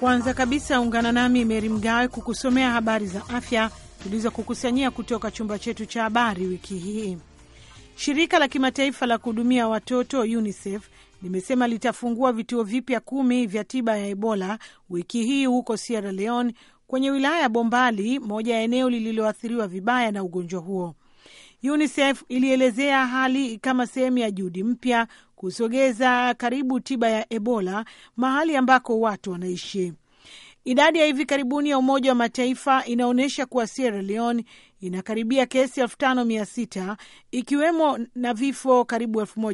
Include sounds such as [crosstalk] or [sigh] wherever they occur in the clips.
Kwanza kabisa ungana nami Meri Mgawe kukusomea habari za afya tulizokukusanyia kutoka chumba chetu cha habari wiki hii. Shirika la kimataifa la kuhudumia watoto UNICEF limesema litafungua vituo vipya kumi vya tiba ya Ebola wiki hii huko Sierra Leone, kwenye wilaya ya Bombali, moja ya eneo lililoathiriwa vibaya na ugonjwa huo. UNICEF ilielezea hali kama sehemu ya juhudi mpya kusogeza karibu tiba ya Ebola mahali ambako watu wanaishi. Idadi ya hivi karibuni ya Umoja wa Mataifa inaonyesha kuwa Sierra Leone inakaribia kesi 56 ikiwemo na vifo karibu elfu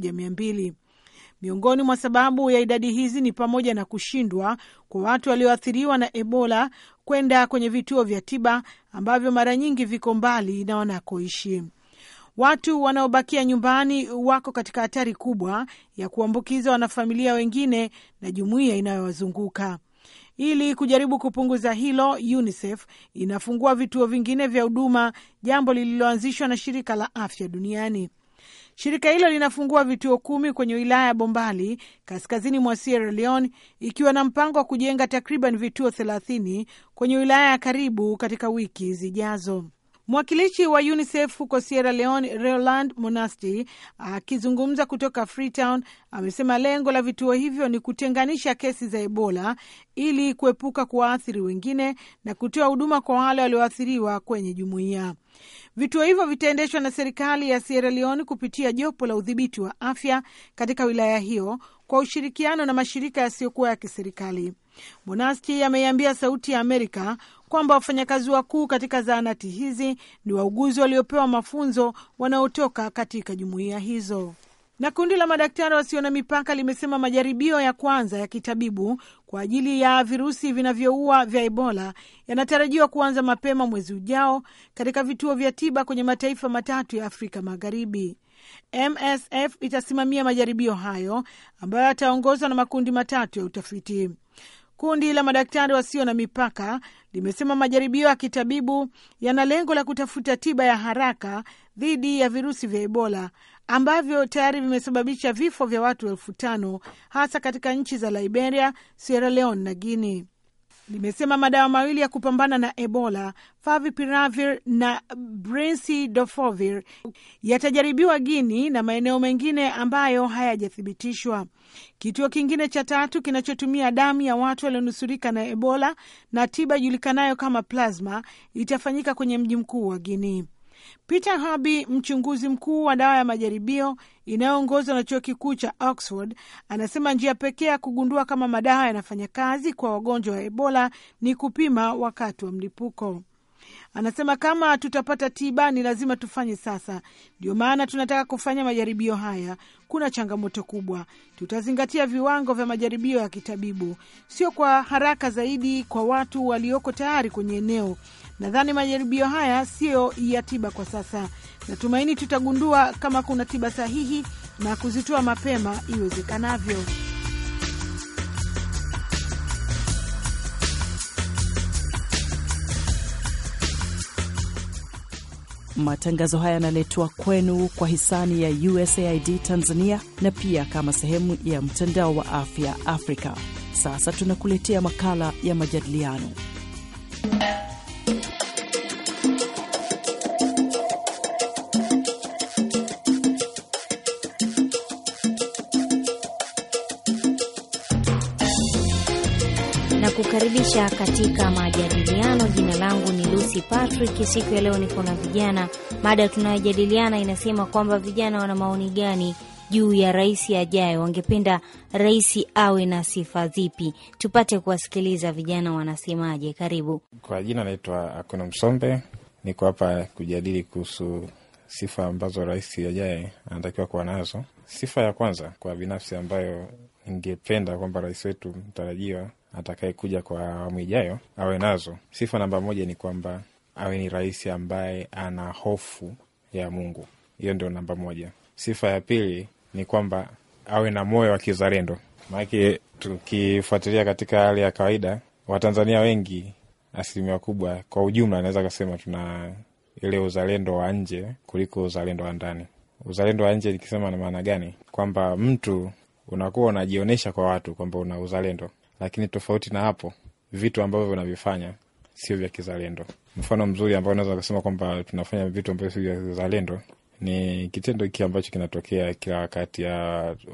Miongoni mwa sababu ya idadi hizi ni pamoja na kushindwa kwa watu walioathiriwa na Ebola kwenda kwenye vituo vya tiba ambavyo mara nyingi viko mbali na wanakoishi. Watu wanaobakia nyumbani wako katika hatari kubwa ya kuambukiza wanafamilia wengine na jumuiya inayowazunguka. Ili kujaribu kupunguza hilo, UNICEF inafungua vituo vingine vya huduma, jambo lililoanzishwa na shirika la afya duniani. Shirika hilo linafungua vituo kumi kwenye wilaya ya Bombali, kaskazini mwa Sierra Leone, ikiwa na mpango wa kujenga takriban vituo thelathini kwenye wilaya ya karibu katika wiki zijazo. Mwakilishi wa UNICEF huko Sierra Leone, Roland Monasti, akizungumza kutoka Freetown, amesema lengo la vituo hivyo ni kutenganisha kesi za Ebola ili kuepuka kuwaathiri wengine na kutoa huduma kwa wale walioathiriwa kwenye jumuiya. Vituo hivyo vitaendeshwa na serikali ya Sierra Leone kupitia jopo la udhibiti wa afya katika wilaya hiyo kwa ushirikiano na mashirika yasiyokuwa ya kiserikali. Monasti ameiambia Sauti ya Amerika kwamba wafanyakazi wakuu katika zahanati hizi ni wauguzi waliopewa mafunzo wanaotoka katika jumuiya hizo. Na kundi la madaktari wasio na mipaka limesema majaribio ya kwanza ya kitabibu kwa ajili ya virusi vinavyoua vya Ebola yanatarajiwa kuanza mapema mwezi ujao katika vituo vya tiba kwenye mataifa matatu ya Afrika Magharibi. MSF itasimamia majaribio hayo ambayo yataongozwa na makundi matatu ya utafiti. Kundi la madaktari wasio na mipaka limesema majaribio ya kitabibu yana lengo la kutafuta tiba ya haraka dhidi ya virusi vya Ebola ambavyo tayari vimesababisha vifo vya watu elfu tano hasa katika nchi za Liberia, Sierra Leone na Guinea limesema madawa mawili ya kupambana na Ebola, favipiravir na brincidofovir, yatajaribiwa Guini na maeneo mengine ambayo hayajathibitishwa. Kituo kingine cha tatu kinachotumia damu ya watu walionusurika na Ebola na tiba ijulikanayo kama plasma itafanyika kwenye mji mkuu wa Guini. Peter Harvey, mchunguzi mkuu wa dawa ya majaribio inayoongozwa na chuo kikuu cha Oxford, anasema njia pekee ya kugundua kama madawa yanafanya kazi kwa wagonjwa wa Ebola ni kupima wakati wa mlipuko. Anasema kama tutapata tiba ni lazima tufanye sasa. Ndio maana tunataka kufanya majaribio haya. Kuna changamoto kubwa, tutazingatia viwango vya majaribio ya kitabibu, sio kwa haraka zaidi kwa watu walioko tayari kwenye eneo, Nadhani majaribio haya siyo ya tiba kwa sasa. Natumaini tutagundua kama kuna tiba sahihi na kuzitoa mapema iwezekanavyo. Matangazo haya yanaletwa kwenu kwa hisani ya USAID Tanzania na pia kama sehemu ya mtandao wa afya Afrika. Sasa tunakuletea makala ya majadiliano kukaribisha katika majadiliano. Jina langu ni Lucy Patrick. Siku ya leo niko na vijana. Mada tunayojadiliana inasema kwamba vijana wana maoni gani juu ya rais ajaye, wangependa rais awe na sifa zipi? Tupate kuwasikiliza vijana wanasemaje. Karibu. Kwa jina naitwa Akono Msombe, niko hapa kujadili kuhusu sifa ambazo rais ajaye anatakiwa kuwa nazo. Sifa ya kwanza kwa binafsi ambayo ningependa kwamba rais wetu mtarajiwa atakayekuja kwa awamu ijayo awe nazo. Sifa namba moja ni kwamba awe ni rais ambaye ana hofu ya Mungu. Hiyo ndio namba moja. Sifa ya pili ni kwamba awe na moyo wa kizalendo, maanake tukifuatilia katika hali ya kawaida Watanzania wengi, asilimia kubwa kwa ujumla, anaweza kasema tuna ile uzalendo wa nje kuliko uzalendo wa ndani. Uzalendo wa nje nikisema na maana gani? Kwamba mtu unakuwa unajionyesha kwa watu kwamba una uzalendo, lakini tofauti na hapo, vitu ambavyo vinavifanya sio vya kizalendo. Mfano mzuri ambao unaweza kusema kwamba tunafanya vitu ambavyo sio vya kizalendo ni kitendo hiki ambacho kinatokea kila wakati ya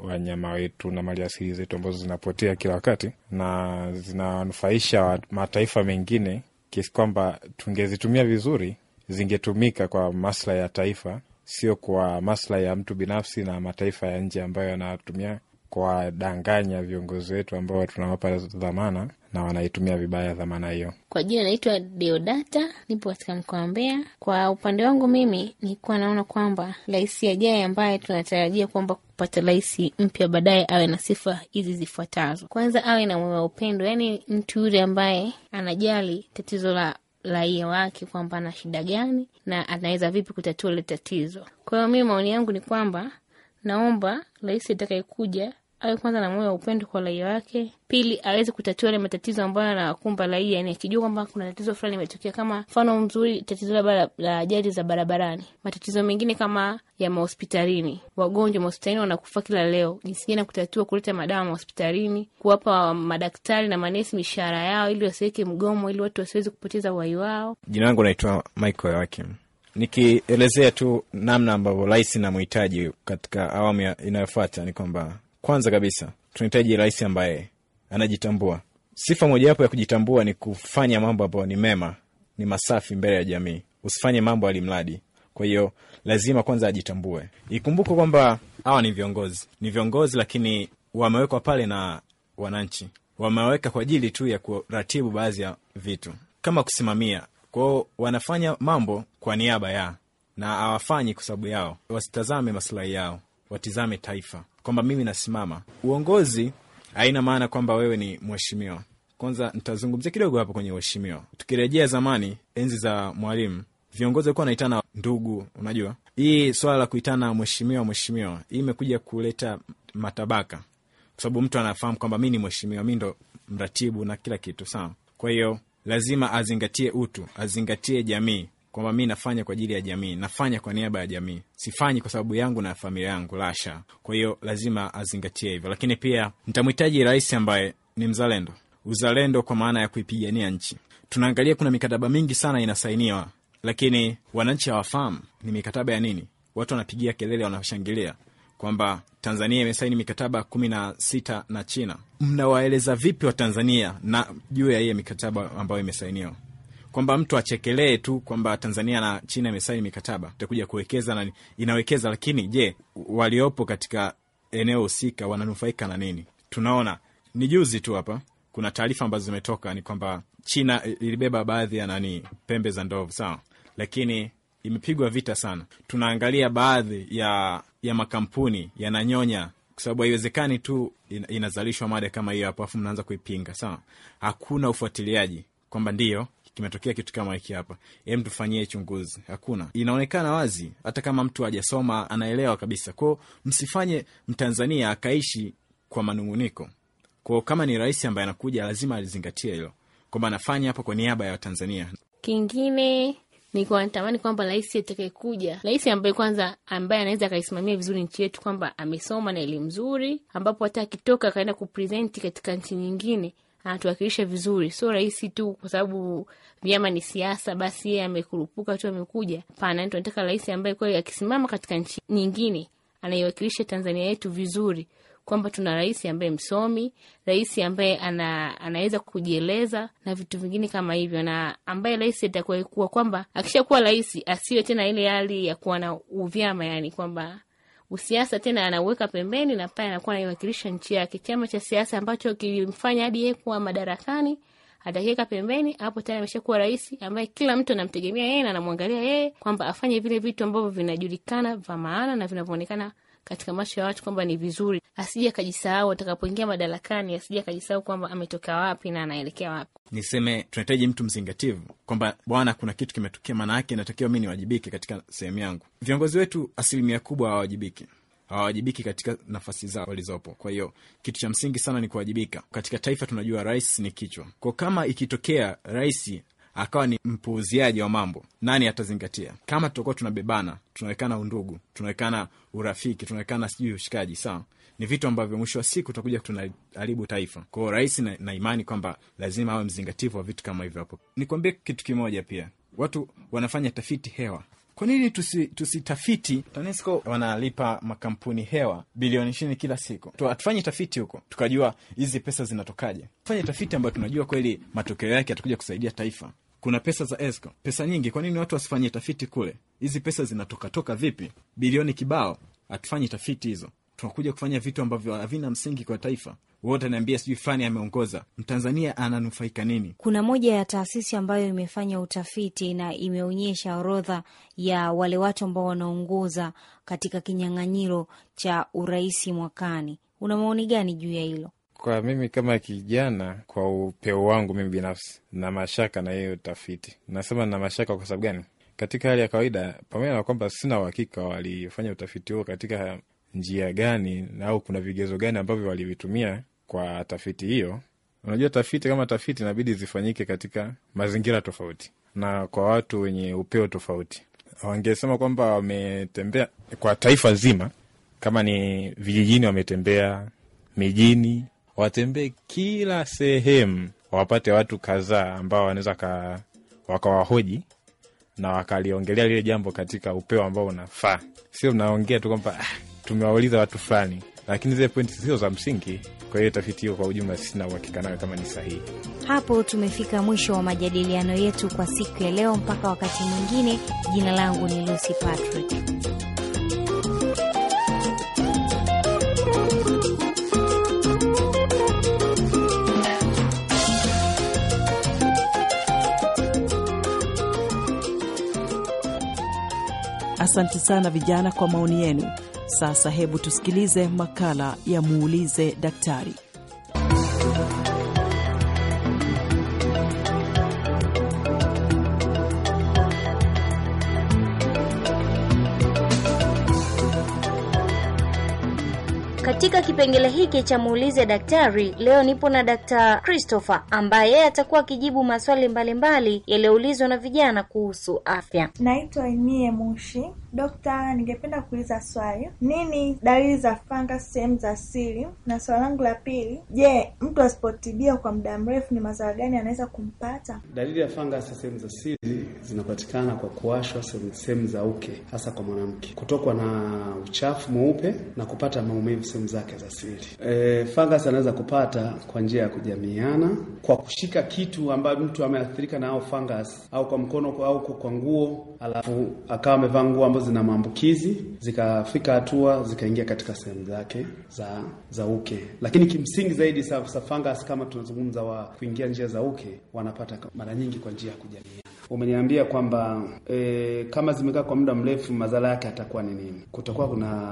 wanyama wetu na mali asili zetu ambazo zinapotea kila wakati na zinanufaisha mataifa mengine, kiasi kwamba tungezitumia vizuri, zingetumika kwa maslahi ya taifa, sio kwa maslahi ya mtu binafsi na mataifa ya nje ambayo yanatumia kuwadanganya viongozi wetu ambao tunawapa dhamana na wanaitumia vibaya dhamana hiyo. Kwa jina naitwa Deodata, nipo katika mkoa wa Mbeya. Kwa upande wangu mimi nilikuwa naona kwamba rais ajaye ambaye tunatarajia kwamba kupata rais mpya baadaye awe na sifa hizi zifuatazo. Kwanza, awe na moyo wa upendo, yaani mtu yule ambaye anajali tatizo la raia wake kwamba ana shida gani na anaweza vipi kutatua ile tatizo. Kwa hiyo mimi maoni yangu ni kwamba naomba rais atakayekuja awe kwanza na moyo wa upendo kwa raia wake, pili aweze kutatua yale matatizo ambayo anawakumba raia, yani akijua kwamba kuna tatizo fulani limetokea, kama mfano mzuri tatizo labda la ajali za barabarani, matatizo mengine kama ya mahospitalini, wagonjwa mahospitalini wanakufa kila leo, jinsi gani ya kutatua, kuleta madawa mahospitalini, kuwapa madaktari na manesi mishahara yao ili wasiweke mgomo, ili watu wasiweze kupoteza uhai wao. Jina langu naitwa Michael Yoakim nikielezea tu namna ambavyo rais namhitaji katika awamu inayofuata ni kwamba kwanza kabisa tunahitaji rais ambaye anajitambua. Sifa mojawapo ya kujitambua ni kufanya mambo ambayo ni mema, ni masafi mbele ya jamii. Usifanye mambo alimradi. Kwa hiyo lazima kwanza ajitambue. Ikumbuke kwamba hawa ni viongozi, ni viongozi, lakini wamewekwa pale na wananchi, wameweka kwa ajili tu ya kuratibu baadhi ya vitu kama kusimamia kwao. Wanafanya mambo kwa niaba ya na hawafanyi kwa sababu yao, wasitazame masilahi yao watizame taifa, kwamba mimi nasimama. Uongozi haina maana kwamba wewe ni mheshimiwa. Kwanza ntazungumzia kidogo hapo kwenye uheshimiwa. Tukirejea zamani, enzi za Mwalimu, viongozi walikuwa wanaitana ndugu. Unajua hii swala la kuitana mheshimiwa, mheshimiwa, hii imekuja kuleta matabaka, kwa sababu mtu anafahamu kwamba mi ni mheshimiwa, mi ndo mratibu na kila kitu sawa. Kwa hiyo lazima azingatie utu, azingatie jamii, kwamba mi nafanya kwa ajili ya jamii, nafanya kwa niaba ya jamii, sifanyi kwa sababu yangu na familia yangu, lasha. Kwa hiyo lazima azingatie hivyo, lakini pia nitamhitaji rais ambaye ni mzalendo, uzalendo kwa maana ya kuipigania nchi. Tunaangalia kuna mikataba mingi sana inasainiwa, lakini wananchi hawafahamu ni mikataba ya nini. Watu wanapigia kelele, wanashangilia kwamba Tanzania imesaini mikataba kumi na sita na China. Mnawaeleza vipi Watanzania na juu ya hiye mikataba ambayo imesainiwa? kwamba mtu achekelee tu kwamba Tanzania na China imesaini mikataba itakuja kuwekeza na inawekeza, lakini je, waliopo katika eneo husika wananufaika na nini? Tunaona ni juzi tu hapa kuna taarifa ambazo zimetoka ni kwamba China ilibeba baadhi ya nani pembe za ndovu, sawa, lakini imepigwa vita sana. Tunaangalia baadhi ya, ya makampuni yananyonya kwa sababu haiwezekani tu in, inazalishwa mada kama hiyo hapo, afu mnaanza kuipinga. Sawa, hakuna ufuatiliaji kwamba ndiyo kimetokea kitu kama hiki hapa, em, tufanyie chunguzi. Hakuna, inaonekana wazi, hata kama mtu hajasoma anaelewa kabisa. Kwao msifanye Mtanzania akaishi kwa manung'uniko. Kwao kama ni rais ambaye anakuja, lazima alizingatie hilo kwamba anafanya hapa kwa niaba ya Watanzania. Kingine nikuwa natamani kwamba rais atakayekuja, rais ambaye kwanza, ambaye anaweza akaisimamia vizuri nchi yetu, kwamba amesoma na elimu nzuri, ambapo hata akitoka akaenda kupresenti katika nchi nyingine anatuwakilisha vizuri. Sio rahisi tu kwa sababu vyama ni siasa, basi yeye amekurupuka tu amekuja. Pana, tunataka rais ambaye kweli akisimama katika nchi nyingine anaiwakilisha Tanzania yetu vizuri, kwamba tuna rais ambaye msomi, rais ambaye ana, anaweza kujieleza na vitu vingine kama hivyo, na ambaye rais atakuwa kwamba akishakuwa rais asiwe tena ile hali ya kuwa na uvyama, yani kwamba usiasa tena anauweka pembeni na pale anakuwa anaiwakilisha nchi yake. Chama cha siasa ambacho kilimfanya hadi yeye kuwa madarakani atakiweka pembeni, hapo tayari ameshakuwa rais ambaye kila mtu anamtegemea yeye na anamwangalia yeye kwamba afanye vile vitu ambavyo vinajulikana vya maana na vinavyoonekana katika macho ya watu kwamba ni vizuri, asije akajisahau atakapoingia madarakani, asije akajisahau kwamba ametoka wapi na anaelekea wapi. Niseme tunahitaji mtu mzingativu, kwamba bwana, kuna kitu kimetokea, maana yake natakiwa mi niwajibike katika sehemu yangu. Viongozi wetu asilimia kubwa hawawajibiki hawawajibiki katika nafasi zao walizopo. Kwa hiyo kitu cha msingi sana ni kuwajibika katika taifa. Tunajua rais ni kichwa, kwa kama ikitokea rais akawa ni mpuuziaji wa mambo, nani atazingatia? Kama tutakuwa tunabebana, tunawekana undugu, tunawekana urafiki, tunawekana sijui ushikaji, sawa, ni vitu ambavyo mwisho wa siku tutakuja tunaharibu taifa. Kwao rais na, na imani kwamba lazima awe mzingativu wa vitu kama hivyo. Hapo nikuambie kitu kimoja pia, watu wanafanya tafiti hewa kwa nini tusi, tusitafiti? TANESCO wanalipa makampuni hewa bilioni ishirini kila siku, hatufanyi tafiti huko tukajua hizi pesa zinatokaje, tufanye tafiti ambayo tunajua kweli matokeo yake yatakuja kusaidia taifa. Kuna pesa za ESCO, pesa nyingi. Kwa nini watu wasifanye tafiti kule? Hizi pesa zinatokatoka vipi? Bilioni kibao, hatufanyi tafiti hizo, tunakuja kufanya vitu ambavyo havina msingi kwa taifa wote anaambia sijui fulani ameongoza. Mtanzania ananufaika nini? Kuna moja ya taasisi ambayo imefanya utafiti na imeonyesha orodha ya wale watu ambao wanaongoza katika kinyang'anyiro cha urais mwakani. Una maoni gani juu ya hilo? Kwa mimi kama kijana, kwa upeo wangu mimi binafsi, na mashaka na hiyo tafiti. Nasema na mashaka kwa sababu gani? Katika hali ya kawaida, pamoja na kwamba sina uhakika walifanya utafiti huo katika njia gani au kuna vigezo gani ambavyo walivitumia kwa tafiti hiyo. Unajua, tafiti kama tafiti inabidi zifanyike katika mazingira tofauti na kwa watu wenye upeo tofauti. Wangesema kwamba wametembea kwa taifa zima, kama ni vijijini, wametembea mijini, watembee kila sehemu, wapate watu kadhaa ambao wanaweza wakawahoji na wakaliongelea lile jambo katika upeo ambao unafaa, sio mnaongea tu kwamba ah, tumewauliza watu fulani lakini zile pointi sio za msingi. Kwa hiyo tafiti hiyo kwa ujumla sina uhakika nayo kama ni sahihi. Hapo tumefika mwisho wa majadiliano yetu kwa siku ya leo. Mpaka wakati mwingine, jina langu ni Lucy Patrick. Asante sana vijana kwa maoni yenu. Sasa hebu tusikilize makala ya muulize daktari. Katika kipengele hiki cha muulize daktari, leo nipo na Dr. Christopher ambaye yeye atakuwa akijibu maswali mbalimbali yaliyoulizwa na vijana kuhusu afya. Naitwa Emie Mushi. Dokta, ningependa kuuliza swali, nini dalili za fanga sehemu za siri? Na swali langu la pili, je, mtu asipotibia kwa muda mrefu ni madhara gani anaweza kumpata? Dalili ya fungus sehemu za siri zinapatikana kwa kuwashwa sehemu za uke, hasa kwa mwanamke, kutokwa na uchafu mweupe na kupata maumivu sehemu zake za siri. E, fungus anaweza kupata kwa njia ya kujamiana, kwa kushika kitu ambayo mtu ameathirika na au fungus, au kwa mkono au kwa nguo, alafu akawa amevaa nguo ambazo zina maambukizi, zikafika hatua zikaingia katika sehemu zake za za uke. Lakini kimsingi zaidi sa, sa fungus kama tunazungumza wa kuingia njia za uke, wanapata mara nyingi kwa njia ya kujamiana. Umeniambia kwamba e, kama zimekaa kwa muda mrefu madhara yake atakuwa ni nini? Kutakuwa kuna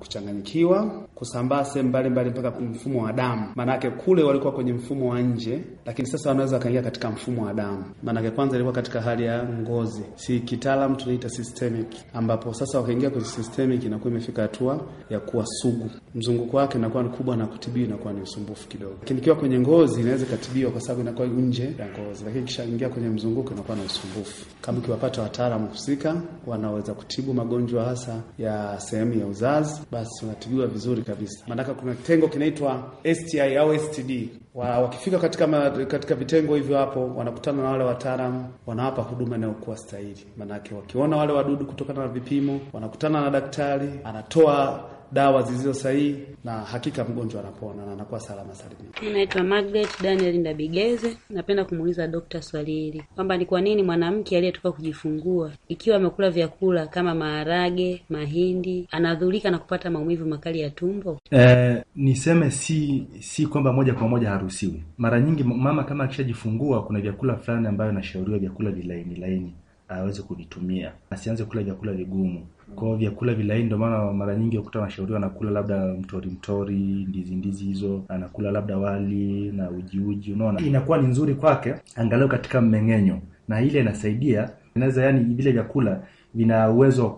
kuchanganyikiwa, kusambaa sehemu mbalimbali mpaka kwenye mfumo wa damu. Maanake kule walikuwa kwenye mfumo wa nje, lakini sasa wanaweza wakaingia katika mfumo wa damu. Maanake kwanza ilikuwa katika hali ya ngozi, si kitaalamu tunaita systemic, ambapo sasa wakaingia kwenye systemic, inakuwa imefika hatua ya kuwa sugu, mzunguko wake inakuwa ni kubwa na kutibiwa inakuwa ni usumbufu kidogo, lakini ikiwa kwenye ngozi inaweza ikatibiwa kwa sababu inakuwa nje ya ngozi, lakini ikishaingia kwenye mzunguko inakuwa na usumbufu. Kama ukiwapata wataalamu husika wanaweza kutibu magonjwa hasa ya sehemu ya uzazi, basi unatibiwa vizuri kabisa, maanake kuna kitengo kinaitwa STI au STD. Wa, wakifika katika ma, katika vitengo hivyo hapo wanakutana na wale wataalamu, wanawapa huduma inayokuwa stahili, maanake wakiona wale wadudu kutokana na vipimo, wanakutana na daktari anatoa dawa zilizo sahihi, na hakika mgonjwa anapona na anakuwa salama salimini. Mimi naitwa Margaret Daniel Ndabigeze. Napenda kumuuliza Dokta swali hili kwamba ni kwa nini mwanamke aliyetoka kujifungua ikiwa amekula vyakula kama maharage, mahindi anadhulika na kupata maumivu makali ya tumbo? Eh, niseme si si kwamba moja kwa moja haruhusiwi. Mara nyingi mama kama akishajifungua, kuna vyakula fulani ambayo anashauriwa vyakula vilaini laini aweze kuvitumia, asianze kula vyakula vigumu. Kwa vyakula vilaini, ndio maana mara nyingi ukuta wanashauriwa anakula labda mtori mtori, ndizi ndizi hizo, anakula labda wali na uji uji, unaona inakuwa ni nzuri kwake angalau katika mmeng'enyo, na ile inasaidia inaweza, yani vile vyakula vina uwezo wa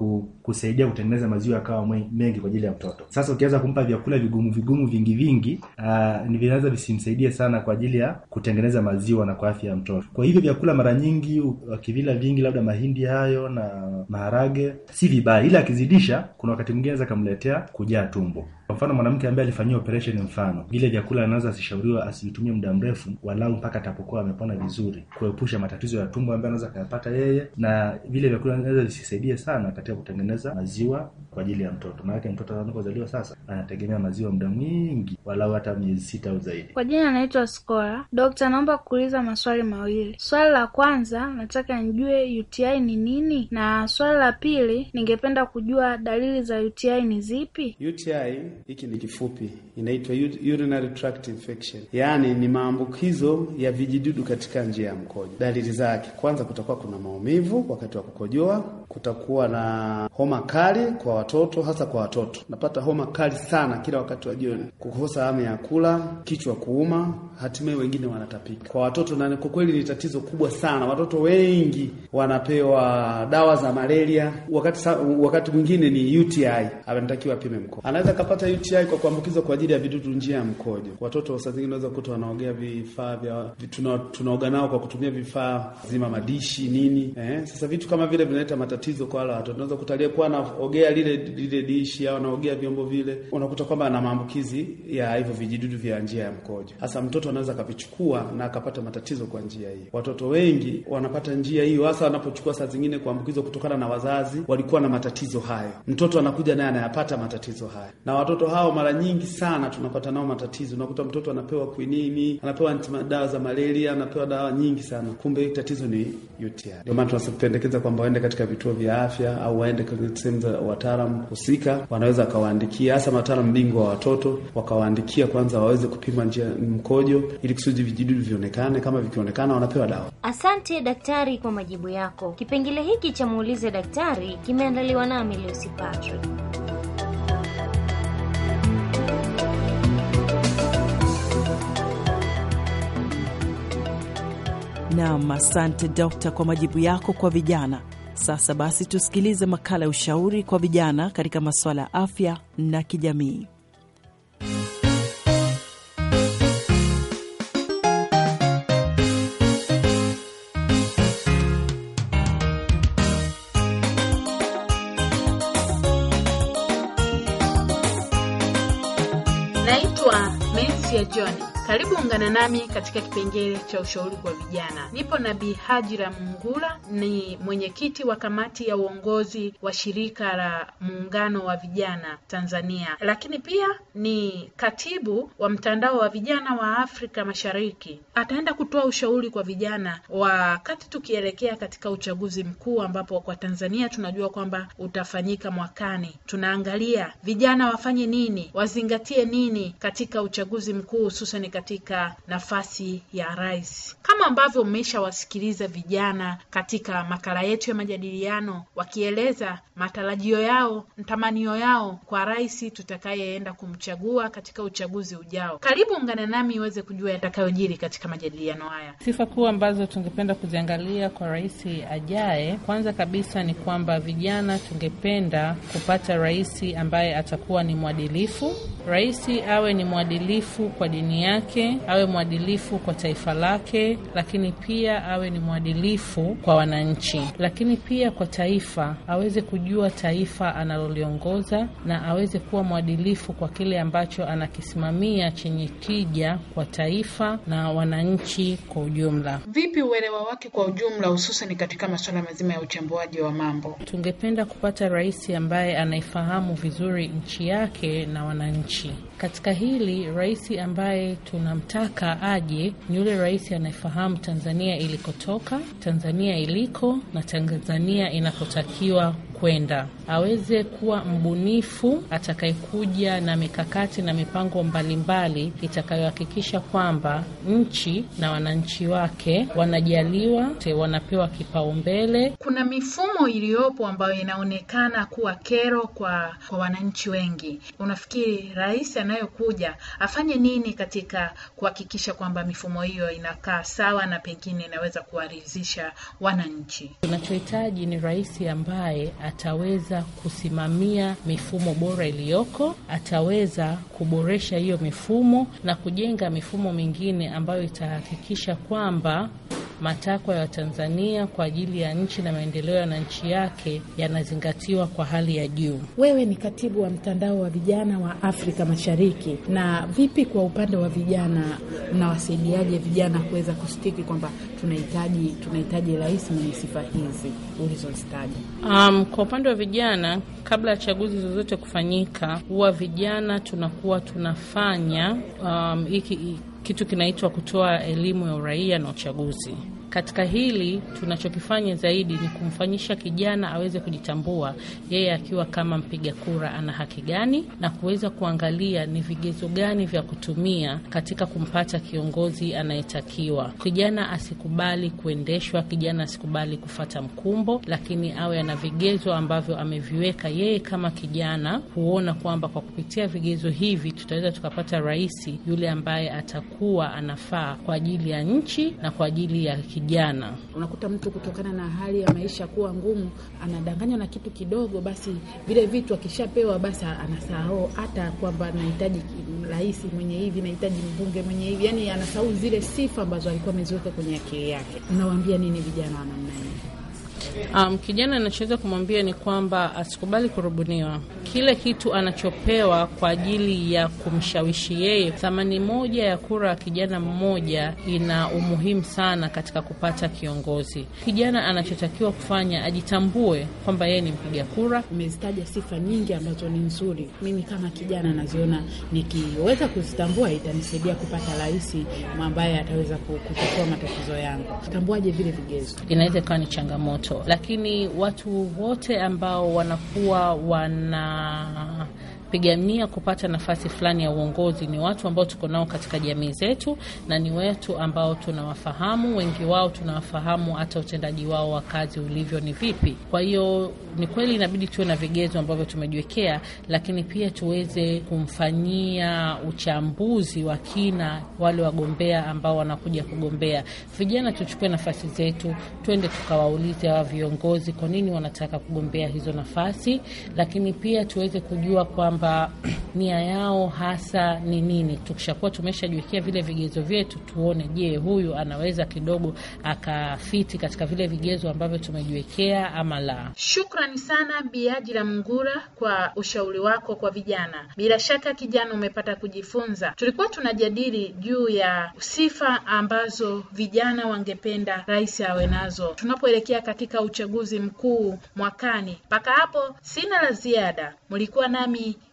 kusaidia kutengeneza maziwa yakawa mengi kwa ajili ya mtoto. Sasa ukianza kumpa vyakula vigumu vigumu vingi vingi, uh, ni vinaweza visimsaidie sana kwa ajili ya kutengeneza maziwa na kwa afya ya mtoto. Kwa hivyo vyakula mara nyingi wakivila vingi, labda mahindi hayo na maharage, si vibaya, ila akizidisha, kuna wakati mwingine anaweza akamletea kujaa tumbo. Kwa mfano mwanamke ambaye alifanyiwa operation, mfano vile vyakula anaweza asishauriwa asivitumie muda mrefu, walau mpaka atapokuwa amepona vizuri, kuepusha matatizo ya tumbo ambayo anaweza akayapata yeye. Na vile vyakula anaweza visisaidie sana katika kutengeneza maziwa kwa ajili ya mtoto, maanake mtoto anapozaliwa sasa anategemea maziwa muda mwingi, walau hata miezi sita au zaidi. Kwa jina anaitwa Skora. Dokta, naomba kuuliza maswali mawili. Swali la kwanza nataka nijue UTI ni nini, na swali la pili ningependa kujua dalili za UTI ni zipi? UTI hiki ni kifupi, inaitwa urinary tract infection, yaani ni maambukizo ya vijidudu katika njia ya mkojo. Dalili zake, kwanza, kutakuwa kuna maumivu wakati wa kukojoa, kutakuwa na homa kali kwa watoto, hasa kwa watoto. Napata homa kali sana kila wakati wa jioni, kukosa hamu ya kula, kichwa kuuma, hatimaye wengine wanatapika. Kwa watoto na kwa kweli ni tatizo kubwa sana. Watoto wengi wanapewa dawa za malaria, wakati wakati mwingine ni UTI, anatakiwa apime mkojo, anaweza kapata wanapata UTI kwa kuambukizwa kwa ajili ya vidudu njia ya mkojo. Watoto saa zingine unaweza kukuta wanaogea vifaa vya tuna, tunaoga nao kwa kutumia vifaa zima madishi nini eh. Sasa vitu kama vile vinaleta matatizo kwa wale watoto. Unaweza kukuta aliyekuwa anaogea lile lile dishi au anaogea vyombo vile, unakuta kwamba ana maambukizi ya hivyo vijidudu vya njia ya mkojo. Hasa mtoto anaweza akavichukua na akapata matatizo kwa njia hiyo. Watoto wengi wanapata njia hiyo, hasa wanapochukua saa zingine kuambukizwa kutokana na wazazi walikuwa na matatizo hayo, mtoto anakuja naye anayapata matatizo hayo na watoto watoto hao mara nyingi sana tunapata nao matatizo. Unakuta mtoto anapewa kwinini, anapewa dawa za malaria, anapewa dawa nyingi sana, kumbe tatizo ni UTI. Ndio maana tunapendekeza kwamba waende katika vituo vya afya au waende kwenye sehemu za wataalam husika, wanaweza wakawaandikia, hasa wataalam bingwa wa watoto, wakawaandikia kwanza waweze kupima njia mkojo, ili kusudi vijidudu vionekane. Kama vikionekana, wanapewa dawa. Asante daktari kwa majibu yako. Kipengele hiki cha muulize daktari kimeandaliwa nami Lucy Patrick. Nam, asante dokta kwa majibu yako kwa vijana. Sasa basi tusikilize makala ya ushauri kwa vijana katika masuala ya afya na kijamii. Naitwa Mensia John karibu ungana nami katika kipengele cha ushauri kwa vijana. Nipo na Bi Hajira Mungula, ni mwenyekiti wa kamati ya uongozi wa shirika la muungano wa vijana Tanzania, lakini pia ni katibu wa mtandao wa vijana wa Afrika Mashariki. Ataenda kutoa ushauri kwa vijana wakati tukielekea katika uchaguzi mkuu, ambapo kwa Tanzania tunajua kwamba utafanyika mwakani. Tunaangalia vijana wafanye nini, wazingatie nini katika uchaguzi mkuu hususani katika nafasi ya rais. Kama ambavyo mmeshawasikiliza vijana katika makala yetu ya majadiliano wakieleza matarajio yao, mtamanio yao kwa rais tutakayeenda kumchagua katika uchaguzi ujao. Karibu ungana nami iweze kujua yatakayojiri katika majadiliano haya. Sifa kuu ambazo tungependa kuziangalia kwa rais ajaye, kwanza kabisa ni kwamba vijana tungependa kupata rais ambaye atakuwa ni mwadilifu. Rais awe ni mwadilifu kwa dini yake mwake, awe mwadilifu kwa taifa lake, lakini pia awe ni mwadilifu kwa wananchi, lakini pia kwa taifa, aweze kujua taifa analoliongoza na aweze kuwa mwadilifu kwa kile ambacho anakisimamia chenye tija kwa taifa na wananchi kwa ujumla. Vipi uelewa wake kwa ujumla, hususan katika masuala mazima ya uchambuaji wa mambo? Tungependa kupata rais ambaye anaifahamu vizuri nchi yake na wananchi katika hili rais ambaye tunamtaka aje ni yule rais anayefahamu Tanzania ilikotoka, Tanzania iliko na Tanzania inakotakiwa kwenda, aweze kuwa mbunifu atakayekuja na mikakati na mipango mbalimbali itakayohakikisha kwamba nchi na wananchi wake wanajaliwa, wanapewa kipaumbele. Kuna mifumo iliyopo ambayo inaonekana kuwa kero kwa, kwa wananchi wengi. Unafikiri rais anayokuja afanye nini katika kuhakikisha kwamba mifumo hiyo inakaa sawa na pengine inaweza kuwaridhisha wananchi? Tunachohitaji ni rais ambaye ataweza kusimamia mifumo bora iliyoko, ataweza kuboresha hiyo mifumo na kujenga mifumo mingine ambayo itahakikisha kwamba matakwa ya Watanzania kwa ajili ya nchi na maendeleo ya wananchi yake yanazingatiwa kwa hali ya juu. Wewe ni katibu wa mtandao wa vijana wa Afrika Mashariki, na vipi kwa upande wa vijana, mnawasaidiaje vijana kuweza kustiki kwamba tunahitaji tunahitaji rais mwenye sifa hizi ulizozitaja? Um, kwa upande wa vijana, kabla ya chaguzi zozote kufanyika, huwa vijana tunakuwa tunafanya um, iki, iki kitu kinaitwa kutoa elimu ya uraia na uchaguzi. Katika hili tunachokifanya zaidi ni kumfanyisha kijana aweze kujitambua yeye akiwa kama mpiga kura ana haki gani, na kuweza kuangalia ni vigezo gani vya kutumia katika kumpata kiongozi anayetakiwa. Kijana asikubali kuendeshwa, kijana asikubali kufata mkumbo, lakini awe ana vigezo ambavyo ameviweka yeye kama kijana, kuona kwamba kwa kupitia vigezo hivi tutaweza tukapata rais yule ambaye atakuwa anafaa kwa ajili ya nchi na kwa ajili ya kijana vijana. Unakuta mtu kutokana na hali ya maisha kuwa ngumu, anadanganywa na kitu kidogo, basi vile vitu akishapewa, basi anasahau hata kwamba anahitaji rais mwenye hivi, nahitaji mbunge mwenye hivi, yani anasahau zile sifa ambazo alikuwa ameziweka kwenye akili yake. Unawaambia nini vijana wa namna hii? Um, kijana anachoweza kumwambia ni kwamba asikubali kurubuniwa. Kile kitu anachopewa kwa ajili ya kumshawishi yeye, thamani moja ya kura ya kijana mmoja ina umuhimu sana katika kupata kiongozi. Kijana anachotakiwa kufanya, ajitambue kwamba yeye ni mpiga kura. Umezitaja sifa nyingi ambazo ni nzuri, mimi kama kijana naziona, nikiweza kuzitambua itanisaidia kupata rais ambaye ataweza kutatua matatizo yangu. Tambuaje vile vigezo? Inaweza ikawa ni changamoto lakini watu wote ambao wanakuwa wana kupigania kupata nafasi fulani ya uongozi ni watu ambao tuko nao katika jamii zetu na ni watu ambao tunawafahamu, wengi wao tunawafahamu, hata utendaji wao wa kazi ulivyo ni vipi. Kwa hiyo ni kweli inabidi tuwe na vigezo ambavyo tumejiwekea, lakini pia tuweze kumfanyia uchambuzi wa kina wale wagombea ambao wanakuja kugombea. Vijana tuchukue nafasi zetu, twende tukawaulize hawa viongozi kwa nini wanataka kugombea hizo nafasi, lakini pia tuweze kujua kwamba kwamba [clears throat] nia yao hasa ni nini. Tukishakuwa tumeshajiwekea vile vigezo vyetu, tuone, je, huyu anaweza kidogo akafiti katika vile vigezo ambavyo tumejiwekea ama la. Shukrani sana biaji la Mngura kwa ushauri wako kwa vijana. Bila shaka kijana umepata kujifunza. Tulikuwa tunajadili juu ya sifa ambazo vijana wangependa rais awe nazo tunapoelekea katika uchaguzi mkuu mwakani. Mpaka hapo sina la ziada. Mulikuwa nami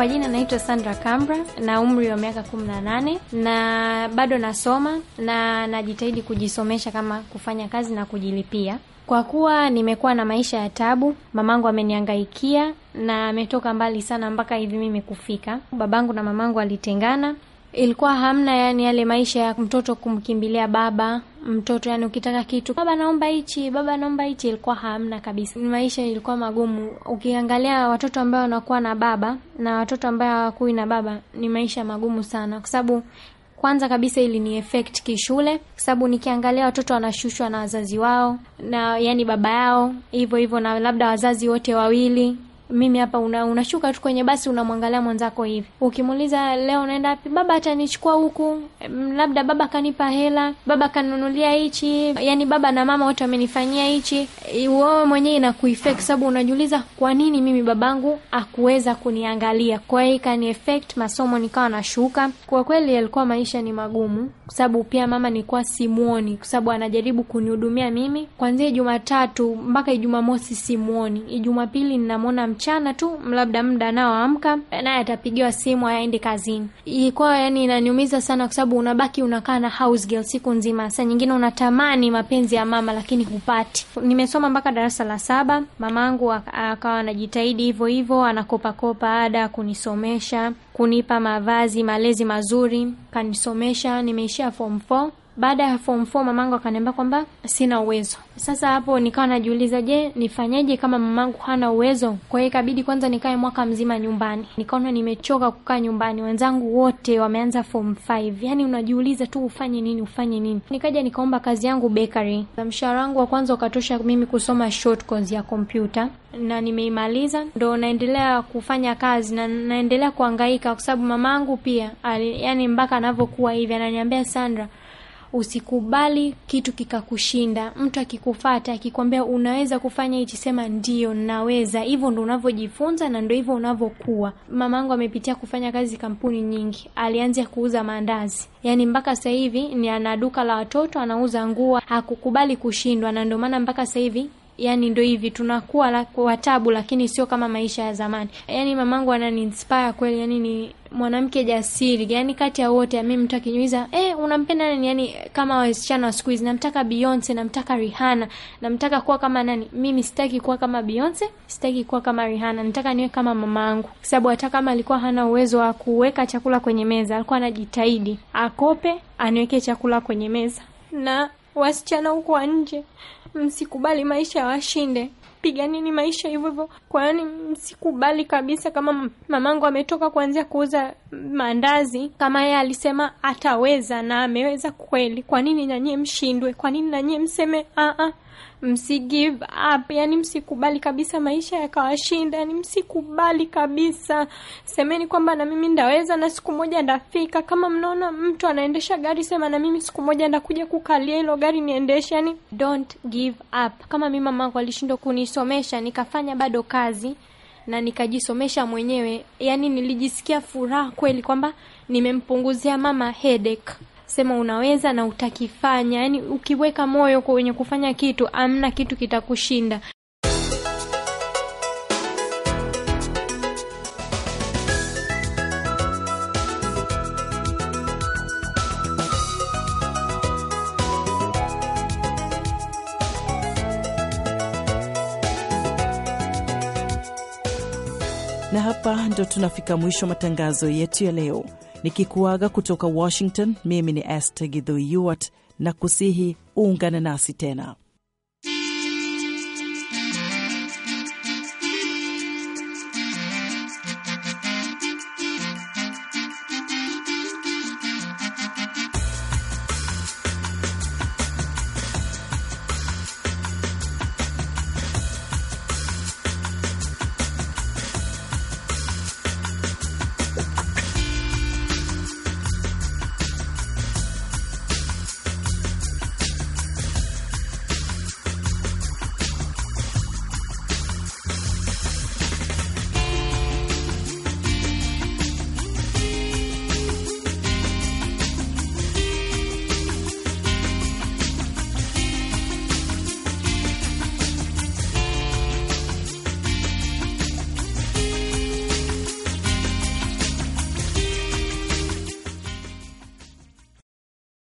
Kwa jina naitwa Sandra Kambra na umri wa miaka 18 na bado nasoma na najitahidi kujisomesha kama kufanya kazi na kujilipia kwa kuwa nimekuwa na maisha ya tabu. Mamangu ameniangaikia na ametoka mbali sana mpaka hivi mimi kufika. Babangu na mamangu walitengana, ilikuwa hamna, yani yale maisha ya mtoto kumkimbilia baba mtoto, yani ukitaka kitu, baba naomba hichi, baba naomba hichi, ilikuwa hamna kabisa. Maisha ilikuwa magumu. Ukiangalia watoto ambao wanakuwa na baba na watoto ambao hawakui na baba, ni maisha magumu sana, kwa sababu kwanza kabisa ili ni effect kishule, kwa sababu nikiangalia watoto wanashushwa na wazazi wao na yani baba yao hivyo hivyo, na labda wazazi wote wawili mimi hapa, una unashuka tu kwenye basi, unamwangalia mwenzako hivi. Ukimuuliza leo unaenda wapi, baba atanichukua huku, labda baba kanipa hela, baba kanunulia hichi, yani baba na mama wote wamenifanyia hichi. Wewe mwenyewe inakuifect, sababu unajiuliza kwa nini mimi babangu akuweza kuniangalia. Kwa hiyo ikanieffect masomo, nikawa nashuka. Kwa kweli yalikuwa maisha ni magumu, kwa sababu pia mama nilikuwa simuoni, kwa sababu anajaribu kunihudumia mimi, kwanzia Jumatatu mpaka Ijumamosi simuoni, Ijumapili ninamwona mchana tu, labda muda nao amka naye atapigiwa simu aende kazini. Ilikuwa yani inaniumiza sana, kwa sababu unabaki unakaa na house girl siku nzima. Saa nyingine unatamani mapenzi ya mama, lakini hupati. Nimesoma mpaka darasa la saba, mamangu akawa anajitahidi hivyo hivyo, anakopakopa ada kunisomesha, kunipa mavazi, malezi mazuri, kanisomesha. Nimeishia form baada ya form 4 mamangu akaniambia kwamba sina uwezo. Sasa hapo nikawa najiuliza, je, nifanyeje kama mamangu hana uwezo? Kwa hiyo ikabidi kwanza nikae mwaka mzima nyumbani. Nikaona nimechoka kukaa nyumbani, wenzangu wote wameanza form 5. Yaani unajiuliza tu ufanye nini, ufanye nini? Nikaja nikaomba kazi yangu bakery. na Mshahara wangu wa kwanza ukatosha mimi kusoma short course ya kompyuta na nimeimaliza, ndo naendelea kufanya kazi na naendelea kuhangaika kwa sababu mamangu pia, yaani mpaka anavyokuwa hivi ananiambia Sandra usikubali kitu kikakushinda. Mtu akikufata akikwambia unaweza kufanya hichi, sema ndio naweza. Hivyo ndo unavyojifunza na ndo hivyo unavyokuwa. Mamangu amepitia kufanya kazi kampuni nyingi, alianza kuuza maandazi, yani mpaka sasa hivi ni ana duka la watoto, anauza nguo, hakukubali kushindwa, na ndio maana mpaka sasa hivi yani ndo hivi tunakuwa la, kwa tabu, lakini sio kama maisha ya zamani. Yani mamangu anani inspire kweli, yani ni mwanamke jasiri, yani kati ya wote. Mimi mtu akiniuliza eh, unampenda nani? Yani kama wasichana wa siku hizi, namtaka Beyonce, namtaka Rihanna, namtaka kuwa kama nani? Mimi sitaki kuwa kama Beyonce, sitaki kuwa kama Rihanna, nataka niwe kama mamangu, kwa sababu hata kama alikuwa hana uwezo wa kuweka chakula kwenye meza, alikuwa anajitahidi akope aniweke chakula kwenye meza na Wasichana huko nje, msikubali maisha yawashinde, piganini maisha hivyo hivyo, kwani msikubali kabisa. Kama mamangu ametoka kuanzia kuuza mandazi, kama yeye alisema ataweza na ameweza kweli, kwa nini nanyie mshindwe? Kwa nini nanyie mseme a ah, a ah msi give up, yani msikubali kabisa maisha yakawashinda, yani msikubali kabisa. Semeni kwamba na mimi ndaweza na siku moja ndafika. Kama mnaona mtu anaendesha gari, sema na mimi siku moja ndakuja kukalia hilo gari niendeshe. Yani don't give up. Kama mimi mamangu alishindwa kunisomesha, nikafanya bado kazi na nikajisomesha mwenyewe, yani nilijisikia furaha kweli kwamba nimempunguzia mama headache sema unaweza na utakifanya. Yaani ukiweka moyo kwenye kufanya kitu, amna kitu kitakushinda. Na hapa ndo tunafika mwisho matangazo yetu ya leo nikikuaga kutoka Washington. Mimi ni Esther Githui na kusihi uungane nasi tena.